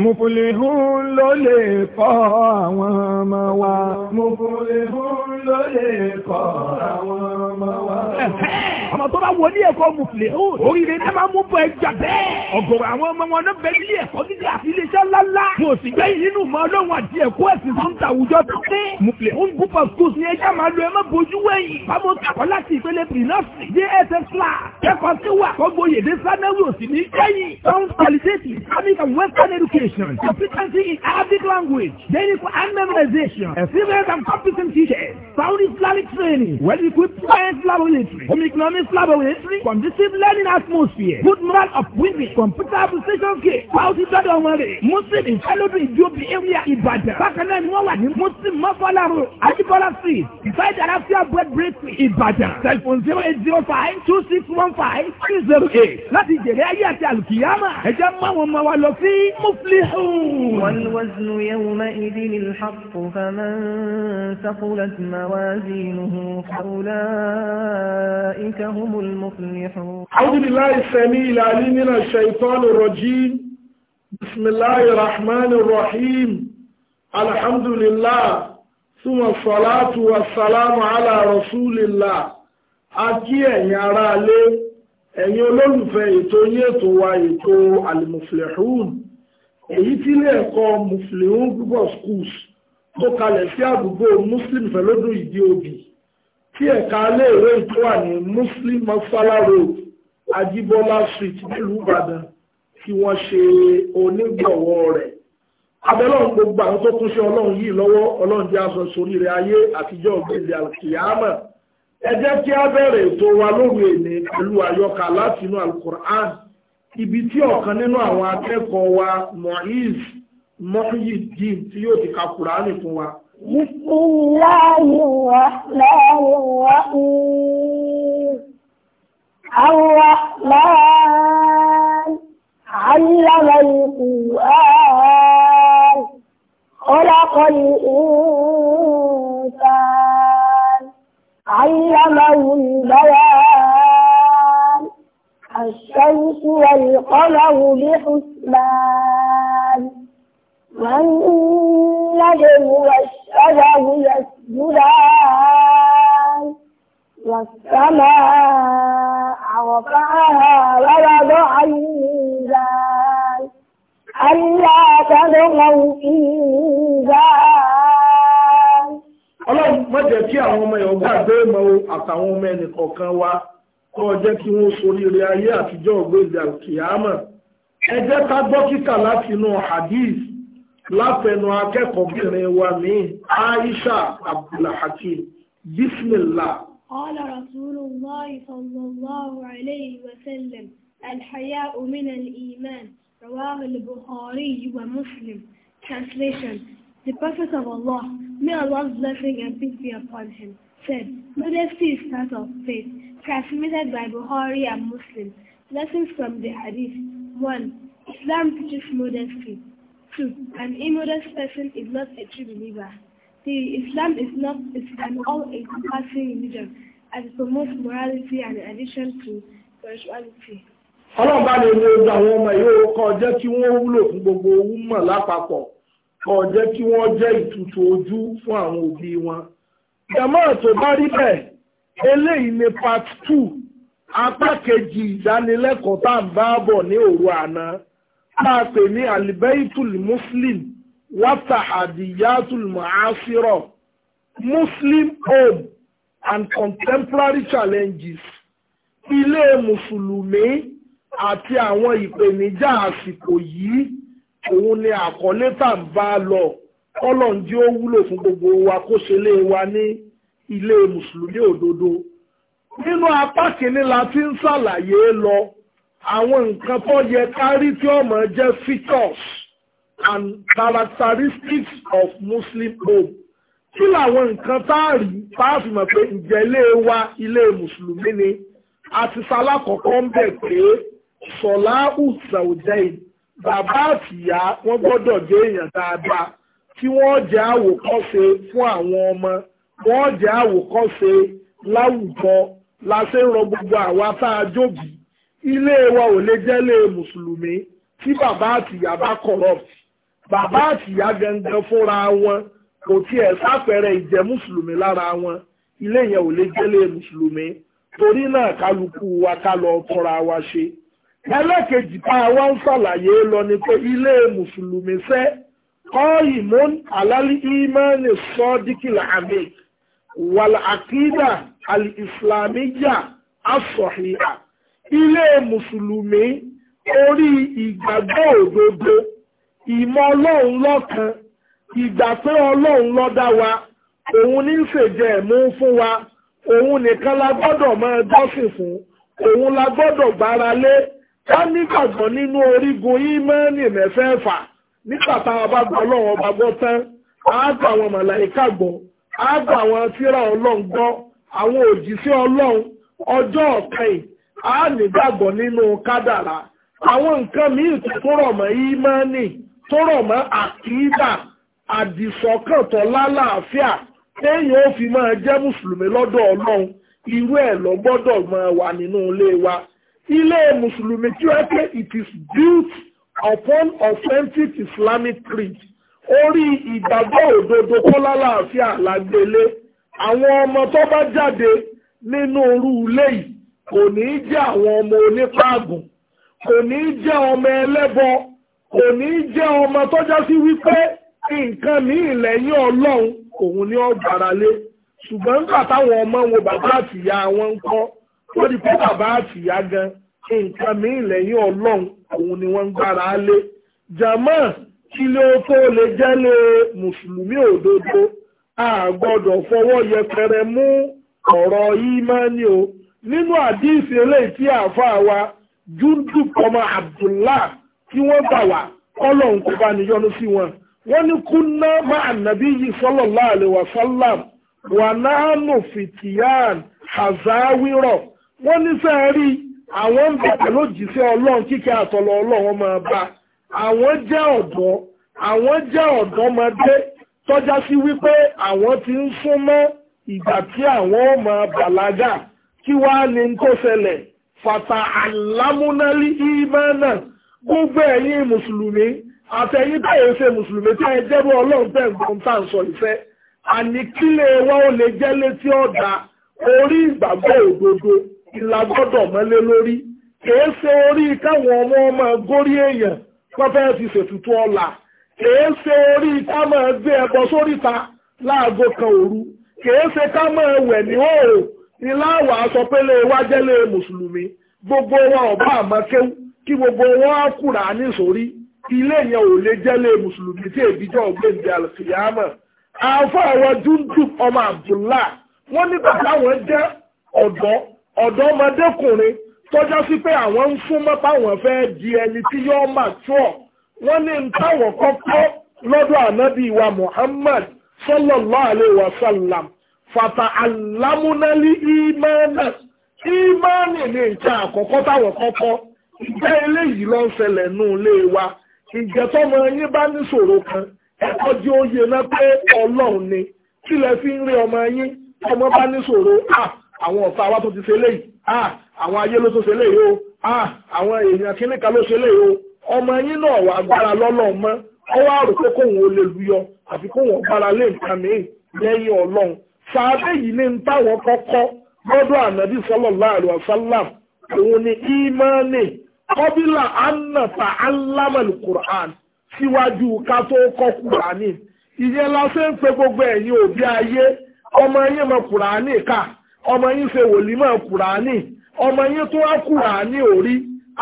Mùfúlihún ló lè kọ́ àwọn ọmọ wa. Mùfúlihún ló lè kọ́ àwọn ọmọ wa. Ọmọ tó bá wọlé ẹ̀kọ́ mùfúlihún, oríire náà máa mú bọ ẹja bẹ́ẹ̀. Ọ̀gọ̀rọ̀ àwọn ọmọ wọn náà bẹ nílé ẹ̀kọ́ gíga àti iléeṣẹ́ ńláńlá. Mo sì gbẹ́yìn nínú ìmọ̀ ọlọ́run àti ẹ̀kọ́ ẹ̀sìn tó ń ta àwùjọ tó pé. Mùfúlihún gúpọ̀ schools ni ẹja máa lo ẹmọ bojú wẹ̀yìn. Bámo Islamic and Western education, competency in Arabic language, daily Quran memorization, experienced and competent teachers, sound Islamic training, well-equipped science laboratory, home economics laboratory, conducive learning atmosphere, good moral of women, computer application kit, quality that on money, Muslim in Kalobi Idiobi area Ibadan. Bákan náà ni wọ́n wà ní Muslim Mọ́kànlá Road, Ajibola Street, beside Alafia Bread Bakery Ibadan. Telephone zero eight zero five two six one five three zero eight. Láti jèrè ayé àti àlùkìyámà, ẹ jẹ́ وعلى في مفلحون والوزن يومئذ الحق فمن ثقلت موازينه فأولئك هم المفلحون أعوذ بالله السميع العليم من الشيطان الرجيم بسم الله الرحمن الرحيم الحمد لله ثم الصلاة والسلام على رسول الله أكي يا رالي ẹ̀yin olólùfẹ́ ètò yí ètò wa ètò alimuflehun èyí tí ilé ẹ̀kọ́ muflehun group of schools tó kalẹ̀ sí àdúgbò muslim fẹ̀lódún ìdí òbí tí ẹ̀ka iléèwé tó wà ní muslim masala road ajibola street nílùú ìbàdàn tí wọ́n ṣe onígbọ̀wọ́ rẹ̀ abẹ́lọ́run gbogbo àwọn tó kún sí ọlọ́run yìí lọ́wọ́ ọlọ́run jẹ́ aṣọ sórí rẹ̀ ayé àtijọ́ ògbèlè alkiyama ẹ jẹ́ kí a bẹ̀rẹ̀ ètò wa lóru èlé pẹ̀lú àyọkà láti inú alukur'an ibi tí ọ̀kan nínú àwọn akẹ́kọ̀ọ́ wa mohiz mohidin tí yóò ti ka kùránì fún wa. bisimilahi rahmani rahim arrahman allama al-qur'an khalaqa al-insan. علمه البيان الشمس والقمر بحسبان والنجم والشجر يسجدان والسماء رفعها ووضع الميزان ألا تبغوا في الميزان má jẹ́ kí àwọn ọmọ ẹ̀yọ́ gbàgbé ìmọ̀ àtàwọn ọmọ ẹnì kọ̀ọ̀kan wa kọ́ jẹ́ kí wọ́n soríire ayé àtijọ́ ògbéǹde àkìyámọ̀ ẹ jẹ́ ká gbọ́ kíkà láti inú hadith látẹnu akẹ́kọ̀ọ́bìnrin wa ní Aisha Abdulhakim bismillah. قال رسول الله صلى الله عليه وسلم الحياء من الإيمان رواه البخاري ومسلم Translation The Prophet of Allah May Allah's blessing and peace be upon him, said, Modesty is part of faith, transmitted by Buhari and Muslims. Lessons from the Hadith. 1. Islam teaches modesty. 2. An immodest person is not a true believer. 3. Islam is not is an all-encompassing religion as it promotes morality and addition to spirituality. Ọlọ́run bá lè wo gbogbo àwọn ọmọ yóò kọ́ jẹ́ kí wọ́n wúlò fún gbogbo owó lápapọ̀ kó jẹ́ kí wọ́n jẹ́ ìtutù ojú fún àwọn òbí wọn. jama tó bá rí bẹ́ẹ̀ eléyìí ni part two apá kejì ìdánilẹ́kọ̀ọ́ tá à ń bá bọ̀ ní òru àná tá a pè ní alibaitul muslim wata hadiyatul maasiro muslim home and contemporary challenges ilé mùsùlùmí àti àwọn ìpèníjà àsìkò yìí òun ni àkọlé tá à ń bá lọ kọ́lọ̀ ó wúlò fún gbogbo wa kó ṣe lé wa ní ilé mùsùlùmí òdodo nínú apá kìíní la ti ń ṣàlàyé lọ àwọn nǹkan tó yẹ kárí tí ọmọ jẹ́ features and characteristics of Muslim home kí làwọn nǹkan tá a rí tá a fi mọ̀ pé ǹjẹ́ ilé wa ilé mùsùlùmí ni àti sálákọ̀ọ́kọ́ ń bẹ̀ pé sọ̀lá ùsàwùjẹ́yìn bàbá àtìyá wọ́n gbọ́dọ̀ jẹ́ èèyàn dáadáa tí wọ́n jẹ́ àwòkọ́ṣe fún àwọn ọmọ wọ́n jẹ́ àwòkọ́ṣe láwùjọ la ṣe ń rọ gbogbo àwa tá a jóbi ilé wa ò lè jẹ́ lé mùsùlùmí tí bàbá àtìyá bá corrupt bàbá àtìyá gangan fúnra wọn kò tiẹ̀ sápẹ̀rẹ̀ ìjẹ́ mùsùlùmí lára wọn ilé yẹn ò lè jẹ́ lé mùsùlùmí torí náà kálukú wa ká lọ tọ́ra wa ṣe ẹlẹ́kejì tá a wá ń ṣàlàyé lọ ni pé ilé mùsùlùmí fẹ́ qa'imun alal iman as-sadiqil amik wal aqida al-islamiyya as-sahiha ilé mùsùlùmí orí ìgbàgbọ́ òdodo ìmọ̀ ọlọ́run lọ́kan ìgbà pé ọlọ́run ló dá wa òun ní ṣèjẹ́ ẹ̀mú fún wa òun nìkan la gbọ́dọ̀ máa jọ́sìn fún òun la gbọ́dọ̀ gbára lé ká nígbàgbọ́ nínú orígun ímẹ́ẹ̀nì mẹ́fẹ̀ẹ̀fà nígbà tá a bá gbọ́ ọlọ́run ọba gbọ́ tán á àwọn màláìka gbọ́ á àwọn tírà ọlọ́run gbọ́ àwọn òjíṣẹ́ ọlọ́run ọjọ́ ọ̀kẹ́yìn á nígbàgbọ́ nínú kádàrá àwọn nǹkan míì tó rọ̀ mọ́ ímẹ́ẹ̀nì tó rọ̀ mọ́ fi máa jẹ́ mùsùlùmí lọ́dọ̀ ọlọ́run irú ẹ̀ máa wà wa ilé mùsùlùmí tí wọ́n pé it is built upon authentic Islamic creed orí ìgbàgbọ́ òdodo kó lálàáfíà lágbélé àwọn ọmọ tó bá jáde nínú irú ilé yìí kò ní í jẹ́ àwọn ọmọ onípàgùn kò ní í jẹ́ ọmọ ẹlẹ́bọ kò ní í jẹ́ ọmọ tó sí wípé nǹkan míì lẹ́yìn ọlọ́run òun ni ó lé ṣùgbọ́n nígbà táwọn ọmọ wọn bàbá àtìyá wọn ń kọ́ wọ́n di pé bàbá àtìyá gan nǹkan míì lẹ́yìn ọlọ́run òun ni wọ́n ń gbára lé jàmọ́ kí ló tó lè jẹ́lé mùsùlùmí òdodo a gbọ́dọ̀ fọwọ́ yẹpẹrẹ mú ọ̀rọ̀ ìmánì o nínú àdíìsì eléyìí tí àáfàá wa júndù ọmọ abdullah tí wọ́n gbà wá kọ́lọ̀ ń kó bá níyọnu sí wọn wọ́n ní kúnná máa nàbí yìí sallallahu alaihi wasallam wà náà nù fìtìyàn hazawirọ̀ wọ́n ní sẹ́ẹ̀ rí àwọn ń bẹ̀rẹ̀ lójíṣẹ́ ọlọ́run kíkẹ́ àtọ̀lọ́ ọlọ́run máa bá àwọn jẹ́ ọ̀dọ́ àwọn jẹ́ ọ̀dọ́mọdé tọ́já sí wípé àwọn ti ń súnmọ́ ìgbà tí àwọn ọmọ bàlágà kí wàá ní tó ṣẹlẹ̀ fàtà àlámúnálí ìmánà gbogbo ẹ̀yin mùsùlùmí àtẹ̀yìn báyìí ṣe mùsùlùmí tí ẹ jẹ́bú ọlọ́run tẹ̀ ń gbọ́n tá à ń sọ ìfẹ́ àní kílẹ̀ wa ó lè jẹ́ létí ọ̀dà orí ìgbàgbọ́ òdodo ìlàgọ́dọ̀ mọ́lé lórí kìí ṣe orí káwọn ọmọ ọmọ górí èèyàn wọ́n fẹ́ fi ṣètùtù ọ̀la kìí orí káwọn máa gbé ẹbọ sóríta láago kan òru kìí ṣe ká ní òòrò ni aṣọ gbogbo kí gbogbo wọn ilé yẹn ò lè mùsùlùmí tí àwọn ọmọ nígbà táwọn ọdọ. ọ̀dọ́mọdékùnrin tọ́já sí pé àwọn ń súnmọ́ táwọn fẹ́ di ẹni tí yóò mà túọ̀ wọ́n ní ń táwọn kọ́kọ́ lọ́dọ̀ ànábì wa Muhammad sallallahu alaihi wasallam fata alamunali imana imani ní nǹkan àkọ́kọ́ táwọn kọ́kọ́ ìjẹ́ eléyìí ló ń ṣẹlẹ̀ nù ilé wa ìjẹ́ tọ́mọ yín bá níṣòro kan ẹ̀kọ́ jẹ́ òye náà pé ọlọ́run ni kí lẹ fi ń rí ọmọ yín ọmọ bá níṣòro ah àwọn ọ̀tá wa tó ti ṣe léyìí ah àwọn ayé ló tó ṣe o ah àwọn èèyàn kíníkà ló ṣe o ọmọ yín náà wà gbára lọ́nà mọ́ ọwọ́ àrò pé kóun ò lè lùyọ àfi kóun lé nǹkan mìíràn lẹ́yìn ọlọ́run yìí táwọn kọ́kọ́ lọ́dọ̀ ànábì ìyẹn gbogbo ẹ̀yin òbí ayé ọmọ yín ṣe wòlímọ̀ kùránì ọmọ yín tó wá kùránì orí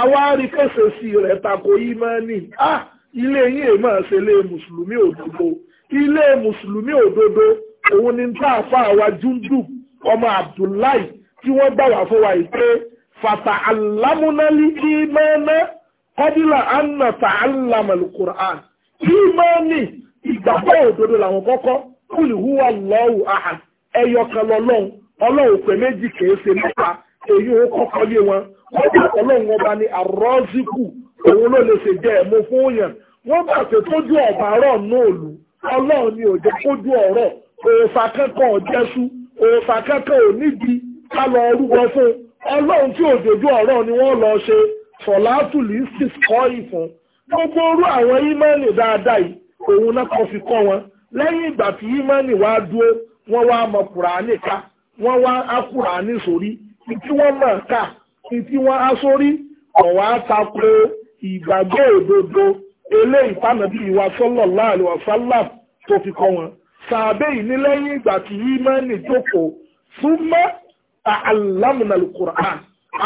awárí kẹsẹ̀ sí rẹ̀ tako ìmánì ah ilé yín èèmọ̀ ṣe lé mùsùlùmí òdodo ilé mùsùlùmí òdodo òun ni tá a fa àwa júndù ọmọ abdullahi tí wọ́n gbà wá fún wa ìpè fata alámúnálí ìmọ̀ọ́nà kọ́dílà anna ta alámàlù kùránì ìmọ̀ọ́nì ìgbàgbọ́ òdodo làwọn kọ́kọ́ kúlù húwa lọ́wọ́ àhà ẹ̀yọ̀kan lọ́lọ́run ọlọ́run pè méjì kìí ṣe mẹ́ta èyí ó kọ́kọ́ lé wọn kọ́kọ́ ọlọ́run ọba ni àrọ́síkù òun ló lè ṣe jẹ́ ẹ̀mú fún yàn wọ́n bá ṣe tójú ọ̀bà rọ̀ náà lù ọlọ́run ni òjò kójú ọ̀rọ̀ òòfà kankan ọ̀jẹ́sú òòfà kankan ò níbi ká lọ rúbọ fún ọlọ́run tí òjòjú ọ̀rọ̀ ni wọ́n lọ ṣe sọ̀látùlì sì kọ́ ìfún gbogbo orú àwọn ímánì dáadáa yìí òun náà kọ́ fi kọ́ wọn lẹ́yìn ìgbà tí ímánì wá dúró wọ́n wá mọ Kùránì wọ́n wá ákùrà ní sórí tí wọ́n mọ̀ ká tí wọ́n á sórí ọ̀wá tako ìgbàgbọ́ òdodo eléyìí pànàbí ìwà sallallahu alaihi wasallam tó fi kọ́ wọn sàbẹ̀ ìní lẹ́yìn ìgbà tí ìmánì jókòó súnmọ́ àlámùnà alukur'an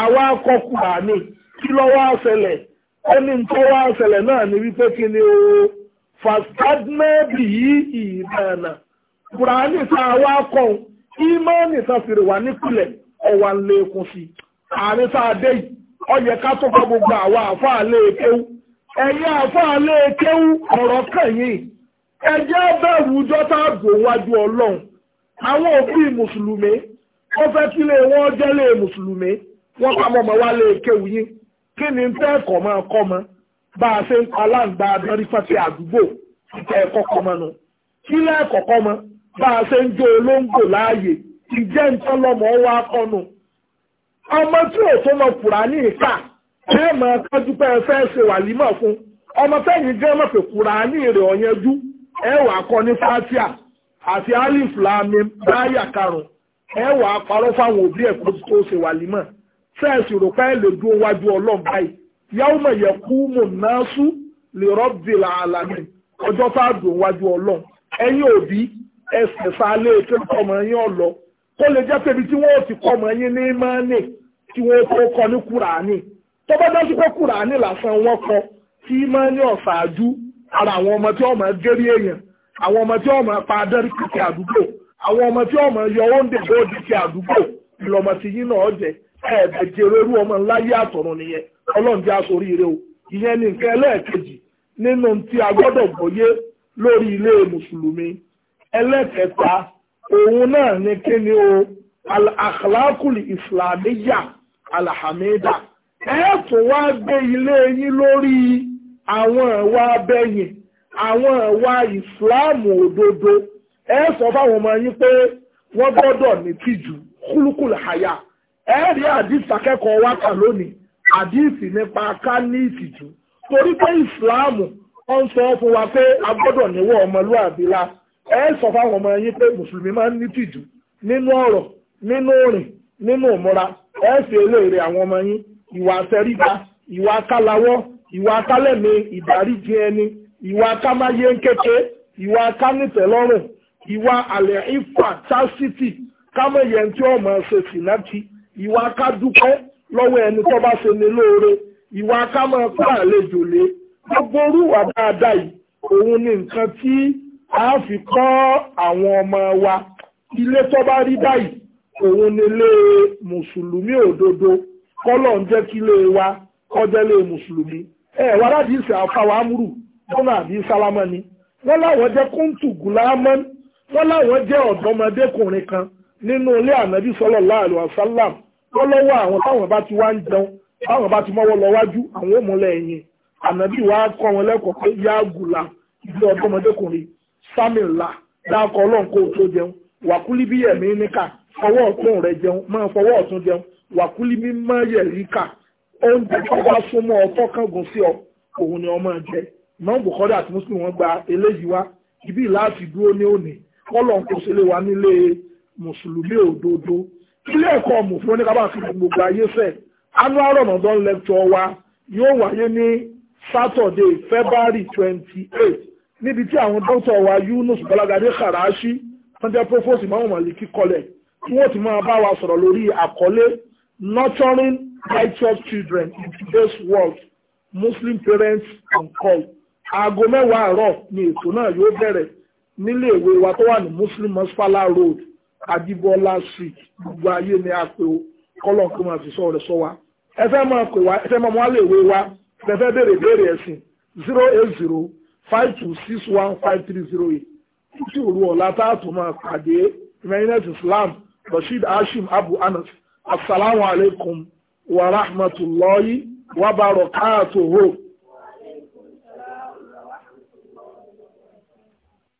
àwa akọ kùránì kí lọ́wọ́ àṣẹlẹ̀ ẹni tó wá àṣẹlẹ̀ náà ni wípé kí ni o fàtàdínẹ́bì yìí ìmọ̀nà ìmọ̀ọ́nì tán fi rè wá nípìnlẹ̀ ọ̀wà ń lékún sí i àárín tá a dé yìí ó yẹ ká tó fa gbogbo àwa àfáà lé e kéwú ẹ̀yin àfáà lé e kéwú ọ̀rọ̀ kẹ̀yìn ẹ jẹ́ bẹ̀rù jọ́tà dùn wájú ọlọ́run àwọn òbí mùsùlùmí ó fẹ́ kí lè wọ́n jẹ́ lé mùsùlùmí wọ́n ká mọ̀mọ́ wá lé e kéwú yín kí ni ń tẹ́ ẹ̀kọ́ máa kọ́ mọ́ bá a ṣe ń pa aláǹgbá abẹ́rí fẹ́ ti àdúgbò ìtẹ́ ẹ̀kọ́ kọ́ mọ́ nu kí lẹ́ẹ̀kọ́ mọ́ bá a ṣe ń jó olóńgbò láàyè ìjẹ́ ìtọ́lọ́mọ wa kọnu ọmọ tí ò tó lọ kùrà ní ìka ẹ mọ̀ kájú pé ẹ fẹ́ ṣe wà límọ̀ fún ọmọ tẹ́yìn jẹ́ mọ̀ pé kùrà ní èrè ọ̀yẹ́jú ẹ wà kọ ní fatia àti alif lami báyà karùn ẹ wà parọ́ fáwọn òbí ẹ̀ kó tó ṣe wà límọ̀ sẹ́ẹ̀sì rò pé ẹ lè dúró wájú ọlọ́run báyìí yàwó mọ̀ yẹ kú mọ̀ náà sú lè rọ́bìlà àlàmì ọjọ́ tá dùn wájú ọlọ́run ẹ̀yin òbí ẹ̀sà alẹ́ èké ọmọ yín ọ̀lọ́ kó lè jẹ́ pé ibi tí wọ́n ti kọ́ ọmọ yín ní mọ́ọ́nì tí wọ́n kó kọ́ ní kùràánì tó bá dá sí pé kùràánì lásán wọ́n kọ tí mọ́ọ́nì ọ̀sàájú ara àwọn ọmọ tí ọmọ gérí èèyàn àwọn ọmọ tí ọmọ pa adẹ́rì kìkì àdúgbò àwọn ọmọ tí ọmọ yọ oúnjẹ lóòdì kì àdúgbò ìlọmọ tí yín náà jẹ ẹ̀ẹ́dẹ̀ jẹrẹrú ọmọ ńlá yé àtọ̀run nìyẹn ọlọ́run jẹ́ aṣọ oríire o ìyẹn ni nǹkan ẹlẹ́ẹ̀kejì nínú tí a gbọ́dọ̀ gbọ́yé lórí ilé mùsùlùmí ẹlẹ́kẹta òun náà ni kí ni o al-akhlaqul islamiyya alhamida ẹ tún wá gbé ilé yín lórí àwọn ìwà abẹ́yìn àwọn ìwà ìsìláàmù òdodo ẹ sọ fáwọn ọmọ yín pé wọ́n gbọ́dọ̀ ní tìjú kúlùkùlù àyà ẹ rí àdìsí akẹ́kọ̀ọ́ wa kà lónìí àdìsí nípa ká ní ìtìjú torí pé ìsìláàmù wọ́n sọ fún wa pé a gbọ́dọ̀ níwọ̀ ọmọlúwàbí la ẹ sọ fáwọn ọmọ yín pé mùsùlùmí máa ń ní tìjú nínú ọ̀rọ̀ nínú òrìn nínú ìmúra ẹ sì eléèrè àwọn ọmọ yín ìwà àtẹríba ìwà akálawọ́ ìwà akálẹ̀mí ìdáríjì ẹni ìwà akámáyé kéke ìwà akánítẹ̀lọ́rùn ìwà àlẹ́ ìfà tásítì kámẹ̀yẹ̀ tí ó máa ṣe sìnákì ìwà akádúpẹ́ lọ́wọ́ ẹni tó bá ṣe ní lóore ìwà akámọ̀ kó àlejò lé gbogbo orúwà dáadáa yìí òun ni nǹkan tí a fi kọ́ àwọn ọmọ wa ilé tó bá rí báyìí òun nílé mùsùlùmí òdodo kọ́lọ̀ ń jẹ́ kí ilé wa kọjá lé mùsùlùmí ẹ wà láti ìsìn àfàwà amúrù lọ́nà àbí sálámà ni wọ́n láwọn jẹ́ kóńtù gùlámọ́ wọ́n láwọn jẹ́ ọ̀dọ́mọdékùnrin kan nínú ilé ànábì sọ́lọ̀ láàlú àsálàm wọ́n lọ́wọ́ àwọn táwọn bá ti wá ń jẹun táwọn bá ti mọ́wọ́ lọ wájú àwọn òmùlẹ̀ ẹ̀yìn ànábì wa kọ́ wọn lẹ́kọ̀ọ́ pé yá gùlà ìdí ọ̀dọ́mọdékùnrin sami ńlá dákọ̀ ọlọ́run kó o tó jẹun wàkúlí bí ẹ̀mí níkà fọwọ́ ọ̀tún rẹ jẹun máa fọwọ́ ọ̀tún jẹun wàkúlí mi máa yẹ̀ ríkà oúnjẹ tó bá súnmọ́ ọtọ́ kángun sí ọ òun ni ọmọ jẹ náà bùkọ́dà àti mùsùlùmí wọn gba eléyìí wá ibi láti dúró ní òní kọ́lọ̀n kò sílé wa nílé mùsùlùmí òdodo ilé ẹ̀kọ́ mùsùlùmí ní kábàá fi gbogbo ayé fẹ́ annual Ramadan lecture wa yóò wáyé ní Saturday February twenty eight níbi tí àwọn dókítà wa Yunus Balagadé Karashi wọ́n jẹ́ provost Imam Maliki kọlẹ̀ tí wọ́n ti máa bá wa sọ̀rọ̀ lórí àkọlé nurturing righteous children in today's world Muslim parents on call aago mẹ́wàá àárọ̀ ni ètò náà yóò bẹ̀rẹ̀ níléèwé wa tó wà ní Muslim Masfala Road Adibola Street gbogbo ayé ni a pè ó kọ́lọ̀ kó máa fi sọ̀rọ̀ sọ wa ẹ fẹ́ máa pè wá ẹ fẹ́ máa mú àlèwé wa ẹ fẹ́ béèrè béèrè ẹ̀sìn zero eight zero five two six one five three zero eight títí òru ọ̀la táàtò máa pàdé united islam rasheed hashim abu anas asalaamualeykum wa rahmatulahi wa barakatuhu.